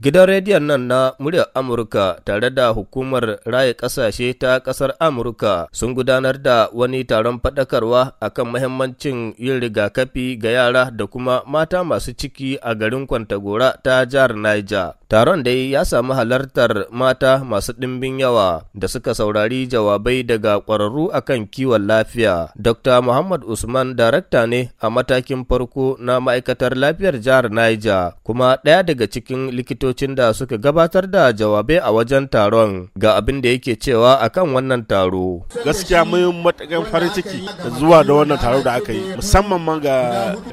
Gidan rediyon nan na muryar Amurka tare da hukumar raye ƙasashe ta ƙasar Amurka sun gudanar da wani taron faɗakarwa akan mahimmancin yin rigakafi ga yara da kuma mata masu ciki a garin Kwantagora ta jihar Niger. Taron dai ya sami halartar mata masu ɗimbin yawa da suka saurari jawabai daga ƙwararru akan kiwon lafiya. Dr. Muhammad Usman darakta ne a matakin farko na ma'aikatar lafiyar jihar Niger kuma ɗaya daga cikin likitocin da suka gabatar da jawabai a wajen taron ga abin da yake cewa akan wannan taro. Gaskiya mai matakan farin ciki zuwa da wannan taro da aka yi musamman ma ga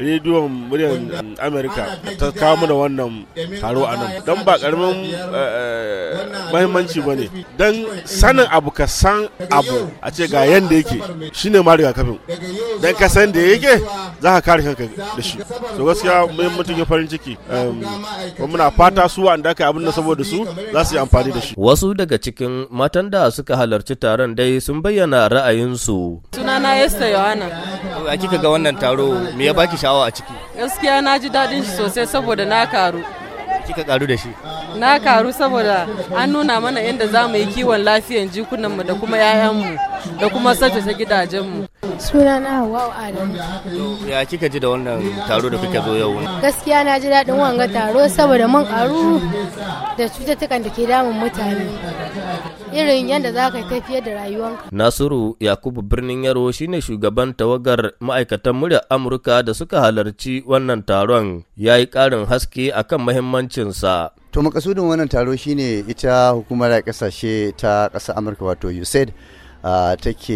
rediyon muryar Amerika ta kawo mana wannan taro a nan. ba karamin eh, eh, mahimmanci ba ne don sanin abu ka san abu a ce ga yanda yake shine ma rigakafin don ka san da yake za ka kare kanka da shi to gaskiya mutum ya farin ciki kuma muna fata su da aka abin da saboda su za su yi amfani da shi wasu daga cikin matan da suka halarci taron dai sun bayyana ra'ayinsu sunana yasta Yohana a kika ga wannan taro me ya baki sha'awa a ciki gaskiya na ji daɗin shi sosai saboda na karu kika karu da shi na karu saboda an nuna mana inda za mu yi kiwon lafiyan jikunanmu da kuma 'ya'yanmu da kuma sace gidajenmu sunana hawa ya kika ji da wannan taro da kuka zo yau gaskiya na ji daɗin wanga taro saboda mun karu da cututtukan da ke damun mutane irin yadda za ka tafiyar da rayuwanka nasiru yakubu birnin yaro shine shugaban tawagar ma'aikatan murya amurka da suka halarci wannan taron ya yi ƙarin haske akan mahimmancinsa to makasudin wannan taro shine ita hukumar kasashe ta ƙasa amurka wato usaid ah, take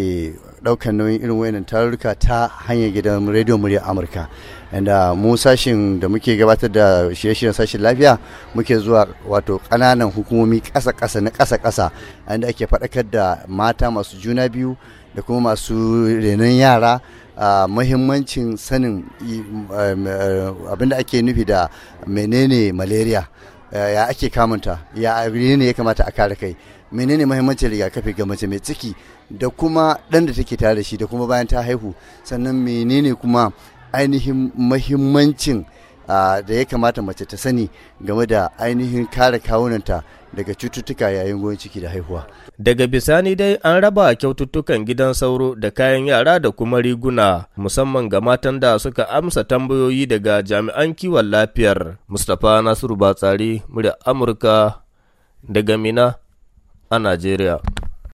Daukan nauyin irin wayannan tarurruka ta hanyar gidan rediyon murya amurka inda uh, mu sashin da muke gabatar da shirye-shiryen sashin lafiya muke zuwa wato kananan hukumomi ƙasa-ƙasa na kasa kasa inda ake faɗakar da mata masu juna biyu da kuma masu renon yara a uh, mahimmancin sanin um, uh, abinda ake nufi da menene malaria ya ake kamunta ya ne ya kamata a kare kai menene mahimmancin rigakafi ga mace mai ciki da kuma ɗan da take tare da shi da kuma bayan ta haihu sannan menene kuma ainihin mahimmancin da ya kamata mace ta sani game da ainihin kare kawunanta daga cututtuka yayin goyon ciki da haihuwa. Daga bisani dai an raba kyaututtukan gidan sauro da kayan yara da kuma riguna musamman ga matan da suka amsa tambayoyi daga jami'an kiwon lafiyar. Mustapha Nasiru Batsari, murya Amurka daga Mina a Najeriya.